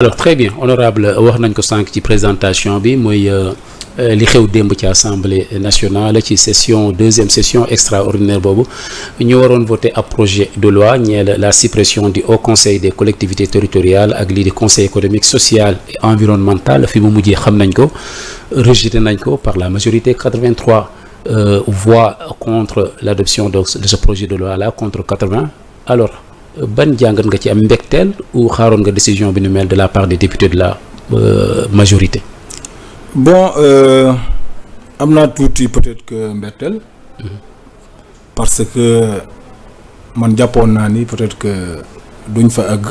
alors très bien honorable euh, wax nañ ko sànq ci présentation bi mooy euh, euh, li xew démb ci assemblée nationale ci session deuxième session extraordinaire boobu ñu waroon voter ab projet de loi ñeel la suppression di haut conseil des collectivités territoriales ak li di conseil économique social et environnemental fi mu mujjee xam nañ ko rejeté nañ ko par la majorité 83 voix contre l'adoption donc de ce projet de loi la contre 80 alors ban jàngat nga ci am mbégteel ou xaaroon nga décision bi nu mel de la part des députés de la euh, majorité. bon euh, am naa tuuti peut-être que mbégteel. Mhm. parce que man jàppoon naa ni peut-être que duñ fa agg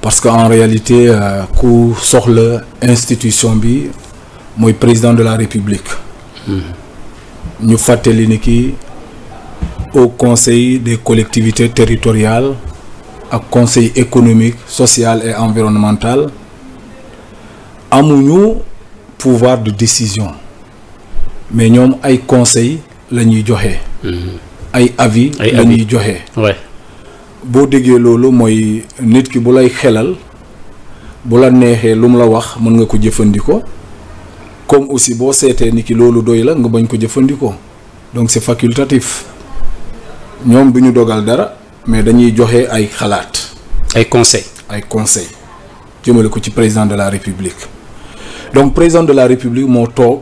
parce que en réalité euh, ku soxla institution bi mooy président de la république. Mhm. ñu fàttali ni kii. au conseil des collectivité territoriales ak conseil économique social et environnemental amuñu pouvoir de décision mais ñoom ay conseil la ñuy joxe. Mm-hmm. ay avis la ñuy joxe. boo déggee loolu mooy nit ki bu lay xelal bu la neexee lu mu la wax mën nga ko jëfandikoo comme aussi boo seetee ni ki loolu doy la nga bañ ko jëfandikoo donc c'est facultatif. ñoom du ñu dogal dara mais dañuy joxe ay xalaat. ay conseil ay conseil jëmale ko ci président de la république donc président de la république moo toog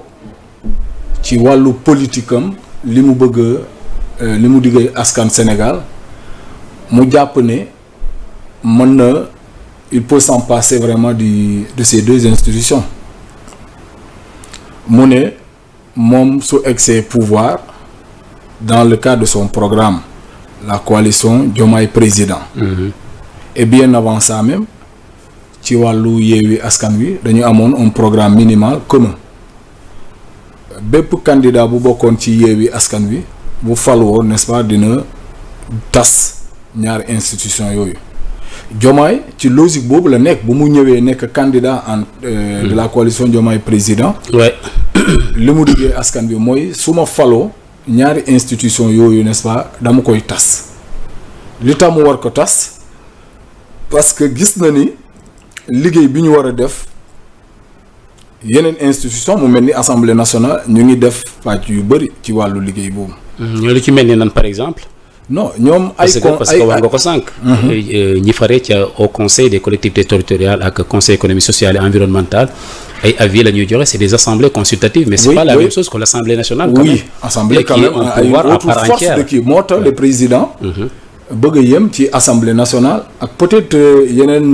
ci wàllu politikam li mu bëgg euh, li mu diggee askan Sénégal mu jàpp ne mën na il peut s'en passer vraiment du de ces deux institutions mu ne moom su excès pouvoir. dans le cadre de son programme, la coalition Diomaye Président. Mhm. Et bien avant ça même ci wàllu Yewwi Askan Wi dañu amoon un programme minimal commun bépp candidat bu bokkoon ci Yewwi Askan Wi bu falwoo nest dina tas ñaar institution yooyu Diomaye ci logique boobu la nekk bu mu ñëwee nekk candidat en euh, mhm. de la coalition Diomaye Président ouais. li mu diggee askan bi mooy su ma faloo ñaari institution yooyu n'est-ce pas dama koy tas li tax mu war ko tas parce que gis na ni liggéey bi ñu war a def yeneen institution mu mel ni assemblée nationale ñu ngi def pàcc yu bëri ci wàllu liggéey boobu. Mm, ñoo lu ci mel ni nan par exemple. non ñoom ay parce que wax nga ko sànq. Mhm. Euh, euh, ñi fare ca au conseil des collectivités territoriales ak conseil économique social et environnemental ay avis la ñuy joxe c' est des assemblées consultatives. mais c' est oui, pas la oui. que l' nationale. assemblée quand même un kii moo tax le président. Mhm. bëgg yem ci assemblée nationale ak peut-être euh, yeneen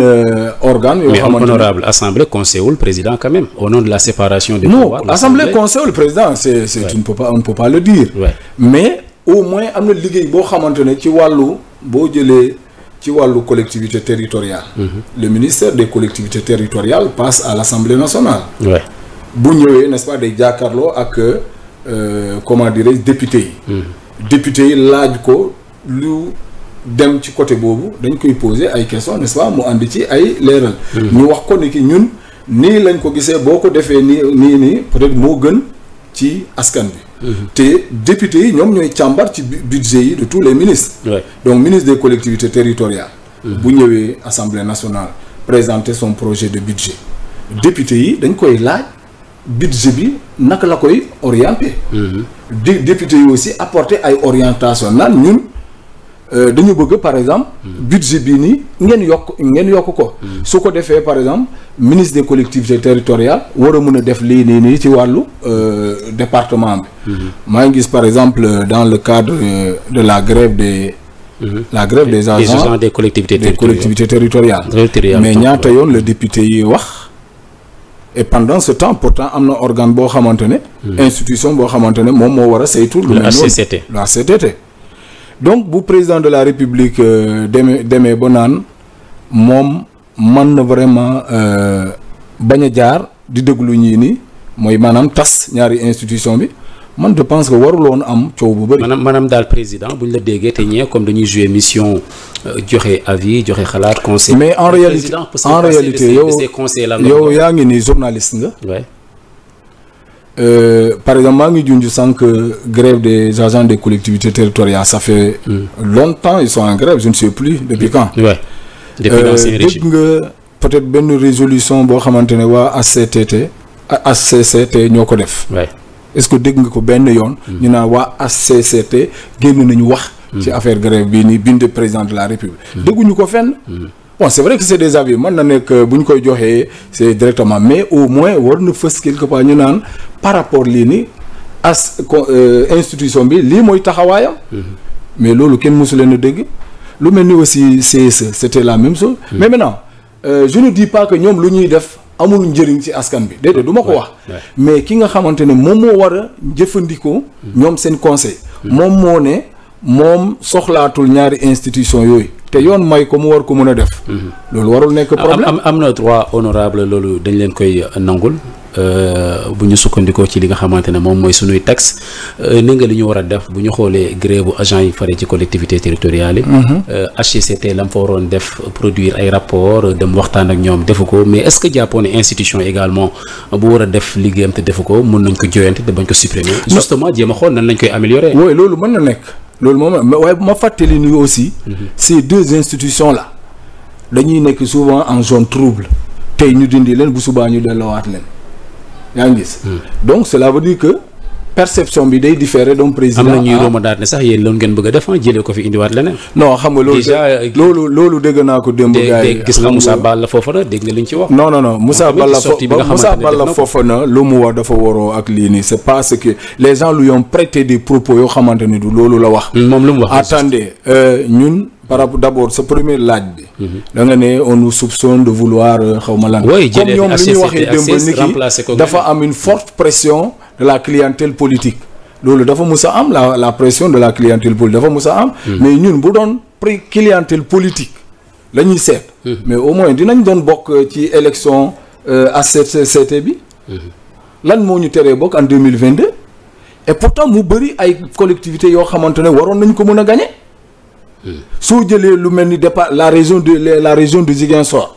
organe yoo xamante ne mais assemblée conseil wul président quand même au nom de la séparation des pouvoirs. assemblée conseil wul président c' est c' est tu ne peux pas on ne peut pas le au moins am na liggéey boo xamante ne ci wàllu boo jëlee ci wàllu collectivité territoriale mhm. le ministère des collectivités territoriales passe à l'Assemblée nationale bu ñëwee n'est-ce pas day jàkkaarloo ak euh, comment dirais-je député yi mhm. député yi laaj ko lu dem ci côté boobu dañ koy poser ay questions n'est-ce pas mu àndi ci ay leeral mhm. ñu wax ko ni ki ñun nii lañ ko gisee boo ko defee nii nii nii peut-être moo gën ci askan bi Mhm. te député yi ñoom ñooy càmbar ci budget yi de tous les ministres donc ministre des collectivités territoriales mhm. bu ñëwee assemblée nationale présenter son projet de budget député yi dañ koy laaj budget bi naka la koy orienté mhm. député yi aussi apporter ay orientation naan ñun Euh, dañu bëgg par exemple budget bi nii ngeen yokk ngeen yokk ko su ko defee par exemple ministre de collectivités territorial war a mën a def lii nii nii ci wàllu euh, département bi maa ngi par exemple dans le cadre de la grève de la grève des mhm. agents des collectivités des collectivités territoriales mais ñaata yoon la député yi wax et pendant ce temps pourtant am na organ boo xamante ne mhm. institution boo xamante ne moom moo war a saytu lu mel noonu la HCCT donc bu président de la république euh, demee demee ba naan moom man na vraiment euh, bañ a jaar di déglu ñii ni mooy maanaam tas ñaari institution bi man je pense que waruloon am coow bu bëri. maanaam maanaam daal président bu ñu la déggee te ñee comme dañuy jouer mission euh, joxe avis joxe xalaat conseil. mais en réalité en réalité yow yow yaa ngi ni journaliste nga. Euh, par exemple maa ngi junj sànq grève des agents des collectivités territoriales ça fait mm. longtemps ils sont en grève je ne sais plus depuis quand depuis euh, l'ancien régime dégg nga peut-être benn résolution boo xamante ne waa ACTT ACCT ñoo ko def est-ce que dégg nga ko benn yoon hmm. ñu naan waa ACCT génn nañu wax hmm. ci affaire grève bii nii bind président de la république hmm. dégguñu ko fenn bon c' est vrai que c' est des avis mën na nekk euh, bu ñu koy joxee c' directement mais au moins war na fës quelque part ñu naan par rapport lii ni as euh, institution bi lii mooy taxawaayam. Mm-hmm. mais loolu kenn mosu leen a dégg. lu mel ni aussi CSE c' e, était la même chose. Mm-hmm. mais maintenant euh, di ne que ñoom lu ñuy def. amul njëriñ ci askan bi déedéet du ma ko wax mais ki nga xamante ne moom moo war a jëfandikoo mm-hmm. ñoom seen conseil moom moo ne moom soxlaatul ñaari institution yooyu te yoon may ko mu war ko mën a def. Mhm. loolu warul nekk problème am am na droit honorable loolu dañ leen koy nangul. Euh, bu ñu sukkandikoo ci li nga xamante ne moom mooy suñuy texte euh, ni nga li ñu war a def bu ñu xoolee grève bu agent yi faree ci collectivité territoriale yi HCCT mhm. euh, la mu fa waroon def produire ay rapport dem waxtaan ak ñoom defu ko mais est-ce que jàppoon ne institution également bu war a def liggéeyam te defu ko mun nañ ko joyante te bañ ko supprimer justement jéem a xool na lañ koy améliorer oui loolu mën na nekk loolu moom waaye bu ma fàttali ni aussi mhm. ces deux institutions là dañuy nekk souvent en zone trouble tey ñu dindi leen bu subaa ñu delloowaat leen yaa ngi gis. Hmm. donc cela veut dire que perception bi day différer donc président. am na ñuy ah. rooma daal sax yéen loolu a def ah, jëlee ko fi indiwaat leneen. non xam nga loolu euh, dégg naa ko démb. gars yi gis nga Moussa Balla Fofana dégg nga lu mu wax dafa waroo ak lii nii c'est parce que les gens lui ont prêté des propos yoo xamante ne du loolu la wax. Mm, moom lu mu wax attendez euh, ñun. par rapport d'abord sa premier laaj bi. Mm-hmm. da nga ne on nous soupçonne de vouloir euh, xaw ma lan. comme ñoom li ñu waxee démb ni ki dafa am une forte pression. de la clientele politique loolu dafa mus a am la la pression de la clientèle politique dafa mus a am. Hmm. mais ñun bu doon prix clientèle politique la ñuy seet. Hmm. mais au moins dinañ doon bokk ci élection euh, ACCT bi. Hmm. lan moo ñu teree bokk en mille vingt deux et pourtant mu bëri ay collectivité yoo xamante ne waroon nañ ko mën a gagné. soo jëlee lu mel ni départ la région de la région de Ziguinchor.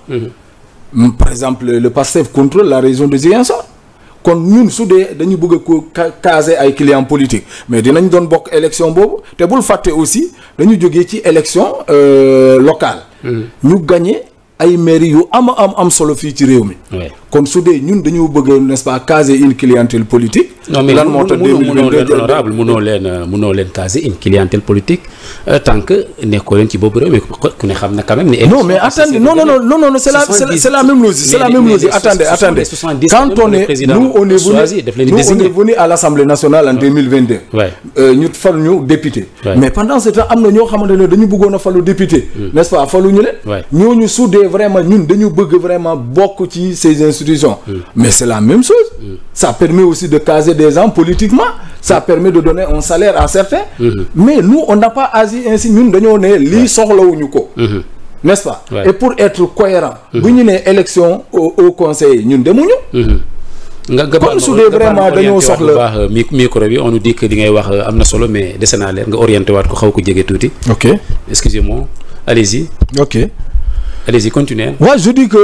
par exemple le PASTEF contrôle la région de Ziguinchor. kon ñun su dee dañu bëgg a ko caser ay client politique mais dinañ doon bokk élection boobu te bul fàtte aussi dañu jógee ci élection euh, locale mm-hmm. ñu gagné ay mairie yu am am am solo fii ci réew mi kon su dee ñun dañu bëgg n'est-ce pas caser une clientèle politique lan moo tax 2022 honorable mënoo leen euh, mënoo leen caser une clientèle politique Euh, tant que nekkoo leen ci boobu réew mais ku ne xam na quand même. ne non mais attendez non non non non c'est la c'est la même logique c'est la même logique attendez attendez quand on est nous on est venu nous on est venu à l'Assemblée nationale en 2022. waay euh, ñu fal ñu député. mais pendant ce temps am na ñoo xamante ne dañu bëggoon a falu député. Mm. n'est-ce pas faluñu leen. ñooñu su dee vraiment ñun dañu bëgg vraiment bokk ci ces institutions. Mm. mais c'est la même chose. Mm. ça permet aussi de caser des gens politiquement. ça permet de donner un salaire à certains. mais nous on n'a pas agi ainsi ñun dañoo ne lii soxlawuñu ko mm-hmm. n'est-ce pas ouais. et pour être cohérent mm-hmm. bu ñu nee élection au, au conseil ñun demuñu mm-hmm. comme su dee vraiment dañoo soxla baax euh, micro bi on nous dit que li ngay wax euh, am na solo mais dese naa leer nga orienté waat ko xaw ko jege tuuti. ok excusez-moi allez-y. ok allez-y continuez. que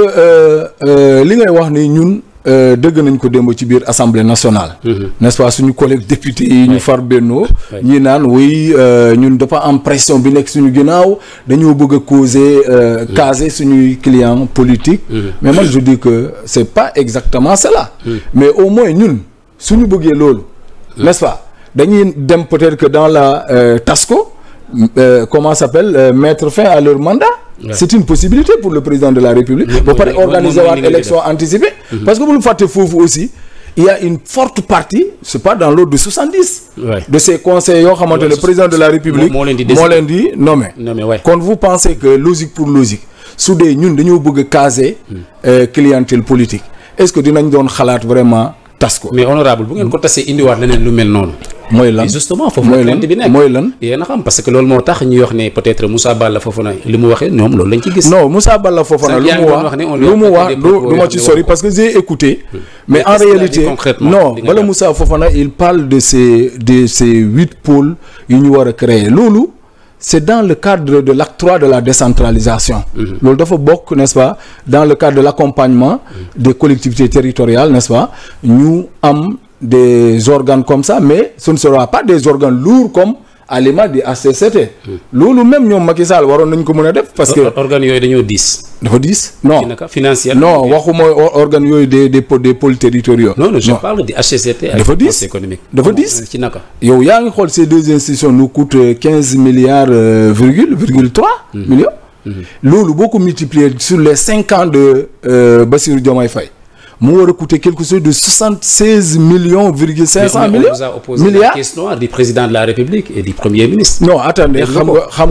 euh, li ngay wax ni ñun Euh, dëgg nañ ko démb ci biir assemblée nationale. n'est-ce pas suñu collègue député yi ñu far bennoo. ñi naan oui euh, ñun dafa am pression bi nekk suñu ginnaaw dañoo bëgg a causer euh, caser suñuy client politique. mais man je dis que c'est pas exactement cela. mais au moins ñun suñu bëggee loolu. n'est-ce pas dañuy dem peut-être que dans la TASCO comment s'appelle mettre fin à leur mandat. Ouais. c'est une possibilité pour le président de la République ba pare organiser waat élection anticipée mhm. parce que bu ñu fàtte foofu aussi il y a une forte partie c'est pas dans l'ordre de 70 ouais. de ces conseils yoo xamante le président de la République moo leen di nommé kon vous pensez que logique pour logique su dee ñun dañoo bëgg a caser hmm. euh, clientèle politique est-ce que dinañ doon xalaat vraiment tas ko mais bu ngeen ko tasee indiwaat leneen lu mel noonu mooy lan justement foofu la mooy lan yéen a xam parce que loolu moo tax ñuy wax ne peut-être Moussa Balla Fofana li mu waxee ñoom loolu lañ ci gis non Moussa Balla Fofana lu mu wax lu mu wax du ma ci sori parce que j'ai écouté hmm. mais en réalité non bala Moussa Fofana il parle de ces de ces huit pôles ñu war a créer loolu c'est dans le cadre de l'acte 3 de la décentralisation hmm. loolu dafa bokk n'est-ce pas dans le cadre de l'accompagnement hmm. des collectivités territoriales n'est-ce pas ñu am des organes comme ça mais ce ne sera pas des organes lourds comme à l'image du loolu même ñoom Macky saal waroon nañ ko mën a def parce que organes yooyu dañoo diis dafa diis non financière non waxuma organes yooyu de des des pôles territoriaux non non je parle du HCCT dafa diis économique dafa diis ci yow yaa ngi xool ces deux institutions nous coûtent quinze milliards euh, virgule virgule trois hmm. millions hmm. loolu boo ko multiplier sur les cinq ans de euh, Bassirou Diomaye fay mu war a coûter quelque chose de soixante seize millions virgule cinq cent millions. mais on vous a opposé la question du président de la république et du premier ministre. non attendez xam nga xam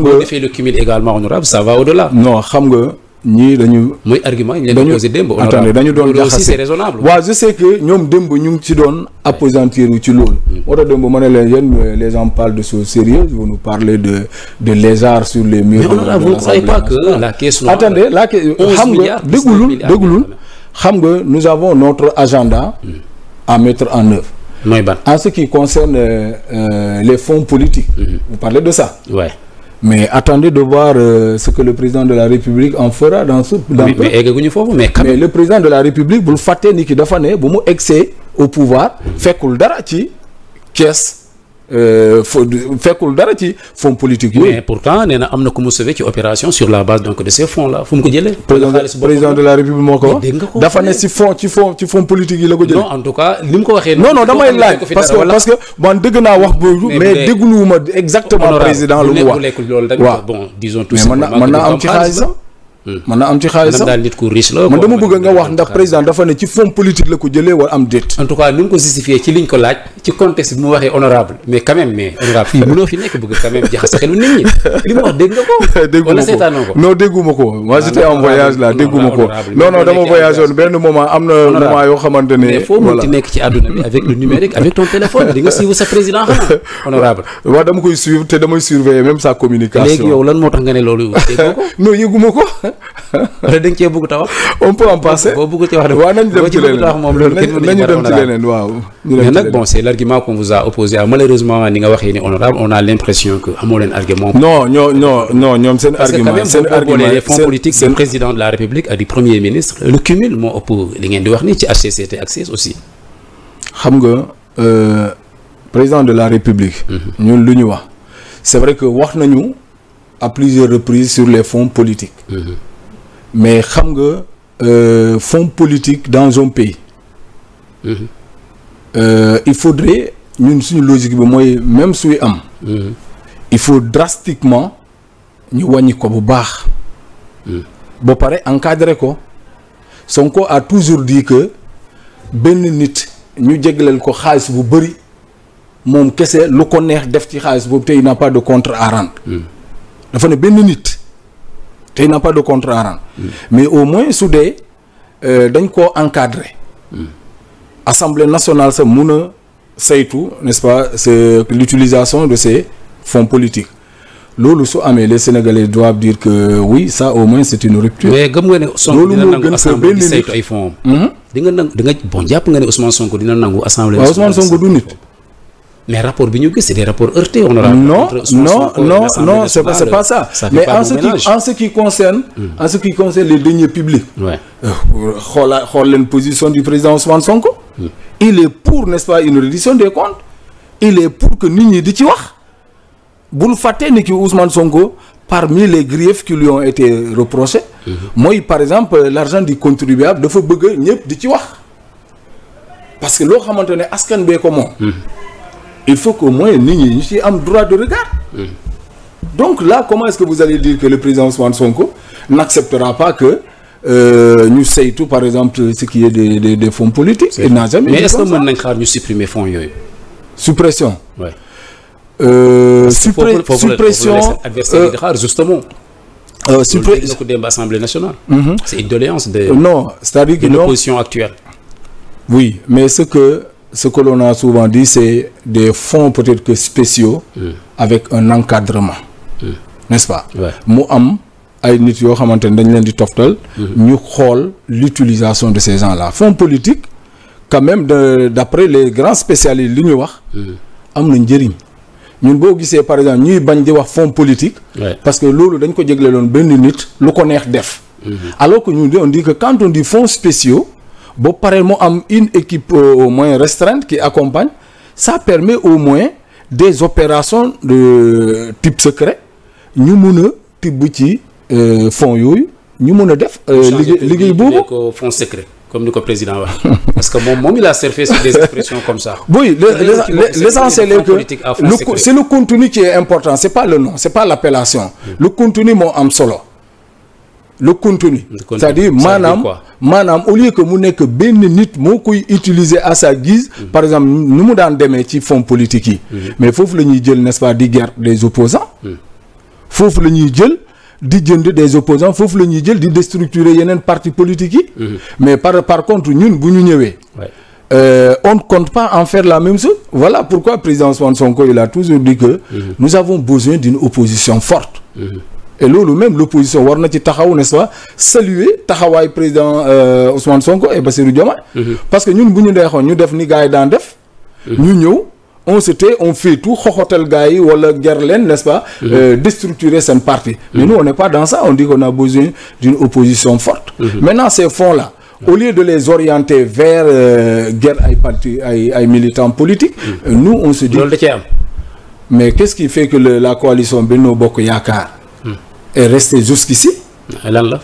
nga boo dañu. mooy dañu doon jaxase c'est raisonnable. waaw je sais que ñoom démb ñu ngi ci doon appesantir ci loolu. Mm. moo tax démb ma ne leen yéen euh, les gens parlent de choses sérieuses vous nous parlez de de sur les murs. mais on ne la caisse noire. attendez xam nga nous avons notre agenda à mettre en œuvre mooy ban en ce qui concerne euh, euh, les fonds politiques parle mm-hmm. parlez de ça ouais. mais attendez de voir euh, ce que le président de la République en fera dans ce dans mais, mais eggaguñu foofu mais mais le président de la République bu fàttee ni ki dafa ne bu mu egsee au pouvoir mm-hmm. fekkul dara ci Thiès Euh, fekkul dara ci fonds politique yooyu. mais pourtant nee na am na ku mu sauvé ci opération sur la base donc de ces fonds là fu mu ko jëlee. président de la république ko dafa ne ci fonds ci fonds politique yi la ko jëlee. non en damay laaj parce que man dëgg naa wax boobu. mais déggluwuma exactement président lu mu wax. waaw bon disons tout mais mën na am ci xaalisam Hmm. mën na am ci xaalis sax daal nit ku riche la. man dama ko jëlee wala am déet. en tout cas ni mu ko justifié ci liñ ko laaj ci contexte bi mu waxee honorable mais quand mais honorable fii mënoo fi nekk bëgg quand même jaxase xelu nit ñi li mu wax dégg nga ko. dégguma ko. moi ah, dama voyage woon benn moment am na moment yoo xamante ne. voilà mais nekk ci àdduna bi avec le numérique avec ton téléphone di nga suivre sa président honorable. waaw dama koy suivre te wala da cee bëgg ta wax. on peut en passer boo bëgg ci wax nañu dem ci leneen waaw. mais nag bon c' est l' vous a opposé ah malheureusement ni nga waxee ni honorable on a l' que amoo leen argument. non ñoom seen. argument seen argument les la république wax nañu. à plusieurs reprises sur les fonds politiques mm-hmm. mais xam nga euh, fonds politique dans un pays mmh. il faudrait ñun suñu logique bi mooy même suy am mm-hmm. il faut drastiquement ñu wàññi ko bu baax mm-hmm. ba pare encadré ko Sonko a toujours dit que benn nit ñu jégleel ko xaalis bu bëri moom kese lu ko neex def ci xaalis boobu tey n'a pas de contre à dafa ne benn nit te n'a pas de compte à mm. mais au moins su dee euh, dañ koo encadrer mm. assemblée nationale sa mun a saytu n'est-ce pas c'est l'utilisation de ces fonds politiques loolu su amee les sénégalais doivent dire que oui ça au moins c'est une rupture. mais gëm nga ne dina nangu assemblée di saytu ay fonds. Mm-hmm. di nangu di bon jàpp nga ne Ousmane Sonko dina nangu assemblée. waaw Ousmane du nit. mais rapport bi ñu gis c'est des rapports heurtés on aura non non non non c'est pas c'est pas ça, ça mais en ce qui en ce qui concerne hmm. en ce qui concerne les deniers publics xoolaa xool leen position du président Ousmane Sonko hmm. il est pour n'est-ce pas une reddition des comptes il est pour que nit ñi di ci wax bul fàtte ni ki Ousmane Sonko parmi les griefs qui lui ont été reprochés hmm. mooy par exemple l'argent du contribuable dafa bëgg ñëpp di ci wax parce que loo xamante ne askan bee ko moom il faut qu'au moins nit ñi ñu ci am droit de regard. donc là comment est-ce que vous allez dire que le président Ousmane n'acceptera pas que euh, ñu euh, saytu par exemple ce qui est des des, des fonds politiques. il n'a jamais mais est-ce que fonds yooyu. suppression. Ouais. Euh, suppre faut, faut, faut c'est de. non c'est-à-dire que de oui mais ce que. ce que l'on a souvent dit, c'est des fonds peut-être que spéciaux mm. avec un encadrement. Mmh. N'est-ce Mu am ay nit yoo xamante ne dañ leen di toftal. Mm. ñu xool l'utilisation de ces gens-là. fonds politique quand même de d'après les grands spécialistes li ñu wax. Mm. am na njëriñ. ñun boo gisee par exemple ñuy bañ di wax fonds politique. parce que loolu dañ ko jégleeloon benn nit lu ko neex def. Mm-hmm. alors ñu ñun di dit que quand on dit fonds spéciaux. ba pare mu am une équipe euh, au moins restreinte qui accompagne ça permet au moins des opérations de type secret ñu mun a tibb ci euh, fonds yooyu ñu mun a def. Euh, liggéey liggéey boobu ko fonds ko président parce que moom il a surfé sur des expressions comme ça. oui l'essentiel est que le le contenu qui est important c'est pas le nom c'est pas l'appellation. Mm. le contenu moo am solo. le continue c'est-à-dire maanaam maanaam au lieu que mu nekk benn nit moo koy utiliser à sa guise mm. par exemple nu mu daan demee ci fonds politique yi mm. mais foofu la ñuy jël n'est-ce pas di gert des opposants mm. foofu la ñuy jël di jënd des opposants foofu la ñuy jël di déstructurer yeneen parti politique yi mais par par contre ñun bu ñu ñëwee Euh, on ne compte pas en faire la même chose voilà pourquoi président Ousmane Sonko il a toujours dit que mmh. nous avons besoin d'une opposition forte et loolu même l'opposition war na ci taxaw n'est-ce pas saluer taxawaay président euh, Ousmane Sonko et Bassirou Diomaye mm-hmm. parce que ñun bu ñu neexoon ñu def ni gars yi daan def mm-hmm. ñu ñëw on se tait on fait tout xoxotal gars yi wala ger leen n'est-ce pas mm-hmm. euh, déstructurer seen parti mais nous on n'est pas dans ça on dit qu'on a besoin d'une opposition forte maintenant ces fonds-là au lieu de les orienter vers euh, guerre ay parti ay ay militants politiques nous on se dit loolu da cee am mais qu'est-ce qui fait que la coalition Bokk Yaakaar est resté jusqu'ici lan la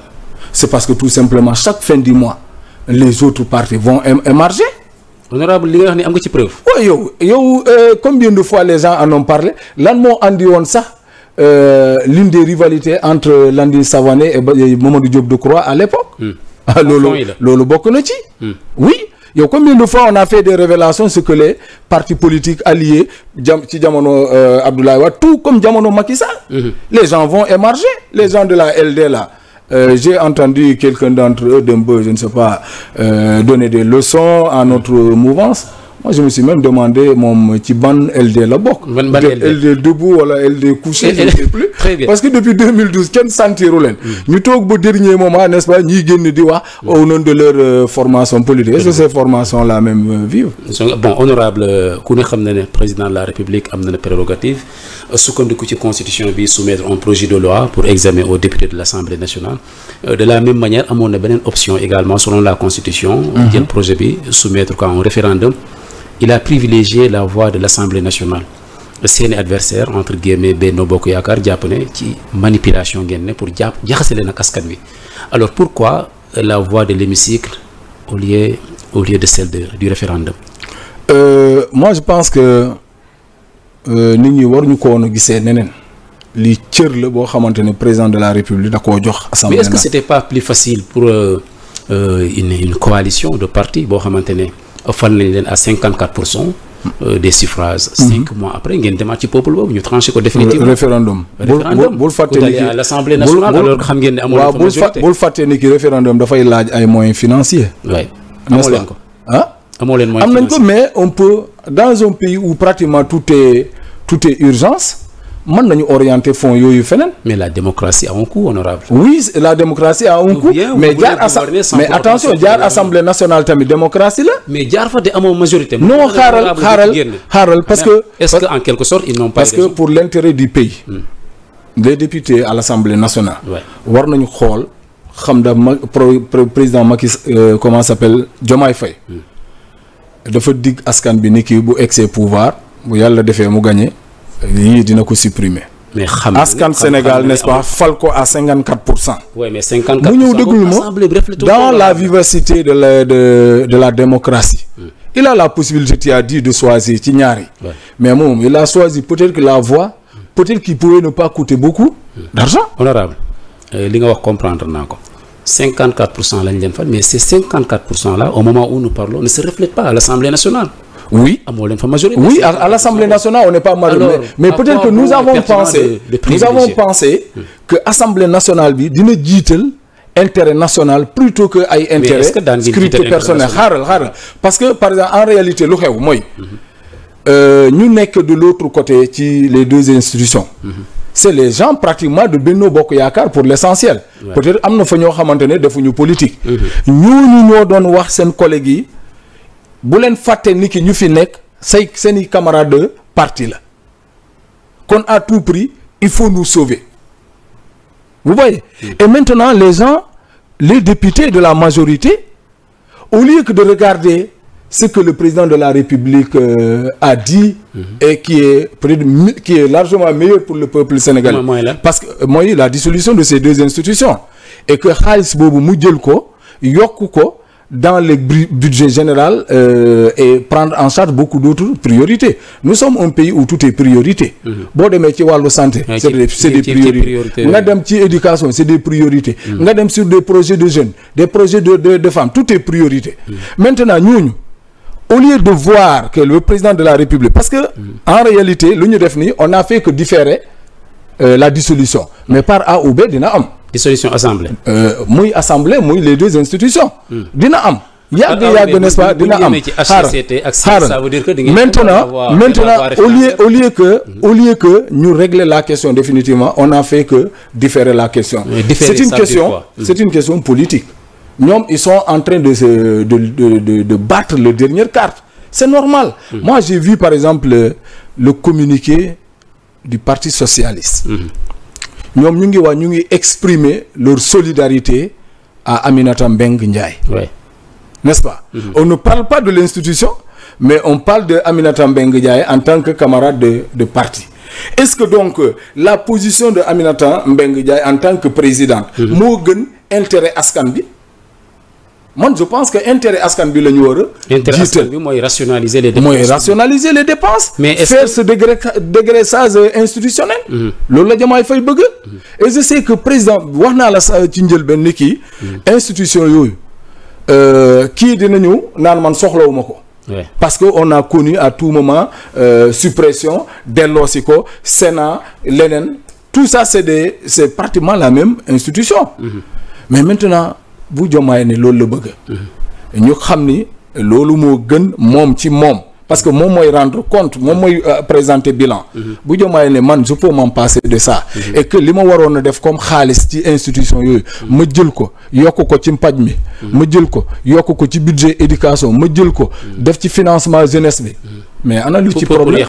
c'est parce que tout simplement chaque fin du mois les autres partis von émarger honorable li nga wax ni am nga ci preuve waaw yow yow euh, combien de fois les gens en ont parlé lan moo andi woon sax euh, l'une des rivalités entre Landing Savané et Mamadou Diop Decroix à l'époque hmm. ah, loolu loolu bokk na ci hmm. oui you comme de fois on a fait des révélations ce que les partis politiques alliés jam ci jamono euh, Abdoulaye Wade tout comme jamono Macky Sall. Mhm. les gens vont émarger les gens de la LD là. Euh, j'ai entendu quelqu'un d'entre eux, d'un peu, je ne sais pas, euh, donner des leçons à notre mouvance. moi je me suis même moom ci ban LD la bokk. ban ban LD LD debout wala LD couché. je ne sais plus parce que depuis kenn sentiru leen. Mm. ñu toog ba dernier moment nest pas ñiy génn di wax. Mm. au nom de leur euh, formation politique est-ce que mm. ces formations là même euh, honorable euh, ku ne xam na ne président de la république am na ne prérogative sukkandiku ci constitution bi soumettre un projet de loi pour examen aux députés de l'Assemblée nationale de la même manière amoon na beneen option également selon la constitution. Mm-hmm. jël projet bi soumettre ko à il a privilégié la voie de l'Assemblée nationale seeni adversaire entre guillemets Benno Bokk Yaakaar jàpp ne ci manipulation ngeen ne pour jàpp jaxase leen ak askan wi alors pourquoi la voie de l'hémicycle au lieu au lieu de celle de, du référendum euh, moi je pense que euh, nit ñi waruñu ko a gisee neneen li cër la boo xamante ne président de la république da koo jox assemblée mais est pour euh, euh, une une coalition de partie boo xamante ne fal nañ leen à 54 pour cent. Euh, des suffrages. cinq mhm. mois après ngeen demaat ci peuple boobu ñu tranché ko définitivement. référendum référendum bul fàtte ni ki référendum dafay laaj ay moyens financiers. oui amoo leen ko mais on peut dans un pays où pratiquement tout est urgence. mën nañu orienter fonds yooyu feneen. mais la démocratie a un coût honorable. oui la a un coût. mais jaar mais attention jaar assemblée nationale tamit démocratie la. mais jaar amoo majorité. non xaaral xaaral xaaral parce que. est-ce que en quelque sorte ils n'ont pas. parce que pour l'intérêt du pays. Hmm. les députés à l'assemblée nationale. war nañu xool xam da ma président Macky euh, comment s'appelle Diomaye Faye. Hmm. dafa dig askan bi ni kii bu excès pouvoir bu yàlla defee mu gagné. lii dina ko supprimer. mais xam askan Sénégal n'est-ce pas fal ko à 54 pour cent. oui mais 54 mu ñëw déglu ma dans la vivacité de la de la démocratie. Hmm. il a la possibilité tu as dit de choisir ci ñaar mais moom il a choisi peut-être que la voie. peut-être qu'il pourrait ne pas coûter beaucoup. Hmm. d'argent honorable euh, li nga wax comprendre naa ko. 54 pour cent lañ leen fal mais ces 54 pour cent au moment où nous parlons ne se reflètent pas nationale. oui amoo leen fa majorité. oui à, à l'Assemblée nationale on n'est pas majoritaire. mais, mais peut-être que nous avons pensé nous avons pensé oui. Hmm. Assemblée nationale bi dina jiital intérêt national plutôt que ay intérêt scripté personnel xaaral xaaral parce que par exemple en réalité lu xew mooy hmm. euh, ñu nekk de l'autre côté ci les deux institutions hmm. c'est les gens pratiquement de Benno Bokk Yaakaar pour l'essentiel peut-être am na fa ñoo xamante ne defuñu politique ñooñu ñoo doon wax seen collègues bu leen fàtte ni kii ñu fi nekk say seen i camarades de parti la kon à tout prix il faut nous sauver vous voyez hmm. et maintenant les gens les députés de la majorité au lieu que de regarder ce que le président de la République euh, a dit mm -hmm. et qui est qui est largement meilleur pour le peuple sénégalais parce que euh, mooy la dissolution de ces deux institutions est que xaalis boobu mu jël ko yokk ko dans le budget général euh, et prendre en charge beaucoup d'autres priorités nous sommes un pays où tout est priorité mhm. boo demee ci wàllu santé c'est des priorités nga dem ci éducation c'est des priorités mhm. nga dem sur des projets de jeunes des projets de de, de femmes tout est priorité mhm. maintenant ñooñu au lieu de voir que le président de la République parce que en réalité lu ñu def nii on n'a fait que différer euh, la dissolution mais par à ou B dina am dissolution assemblée. Euh, muy assemblée muy les deux institutions. Hmm. dina am. Ah, ah yàgg yàgg n'est-ce pas dina am xaaral xaaral maintenant maintenant au lieu au lieu que hmm. au que ñu régler la question définitivement on a fait que différer la question c'est une question hmm. c'est une question politique ñoom ils sont en train de se de de de, de battre le dernière carte c'est normal mmh. j'ai vu par exemple le, le communiqué du Parti socialiste ñoom ñu ngi wax ñu ngi exprimer leur solidarité à Aminata mbeng Ndiaye. oui n'est-ce pas. Mm -hmm. on ne parle pas de l'institution mais on parle de Aminata Mbengue Ndiaye en tant que camarade de de parti. est-ce que donc euh, la position de Aminata mbeng Ndiaye en tant que président mm-hmm. moo gën intérêt askan bi. man je pense que intérêt askan bi la ñu war a. intérêt askan mooy rationaliser les dépenses mooy rationaliser les dépenses. mais est-ce faire que... ce dégré dégraissage institutionnel. Mm-hmm. loolu la Diomaye Faye bëgg. Mm-hmm. et je sais que président wax naa la ci njëlbeen ni kii. Mm-hmm. institution yooyu euh, kii dina ñëw naan man soxlawuma ko. parce que on a connu à tout moment euh, suppression delloosi ko Sénat leneen tout ça c'est des c'est pratiquement la même institution. mm mais maintenant. bu jomaay ne loolu la bëgg mm-hmm. ñu xam ni loolu moo gën moom ci moom parce que moom mooy rendre compte moom mooy euh, présenter bilan mm-hmm. bu jomaay ne man je peux m'en passer de ça mm-hmm. et que li ma waroon a def comme xaalis ci institution yooyu ma jël ko yokk ko ci mpaj mi ma jël ko yokk ko ci budget éducation ma jël ko def ci financement jeunesse bi mais ana ci problème